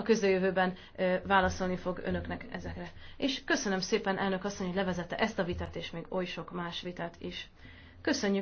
a közeljövőben válaszolni fog önöknek ezekre. És köszönöm szépen elnök asszony, hogy levezette ezt a vitát, és még oly sok más vitát is. Köszönjük!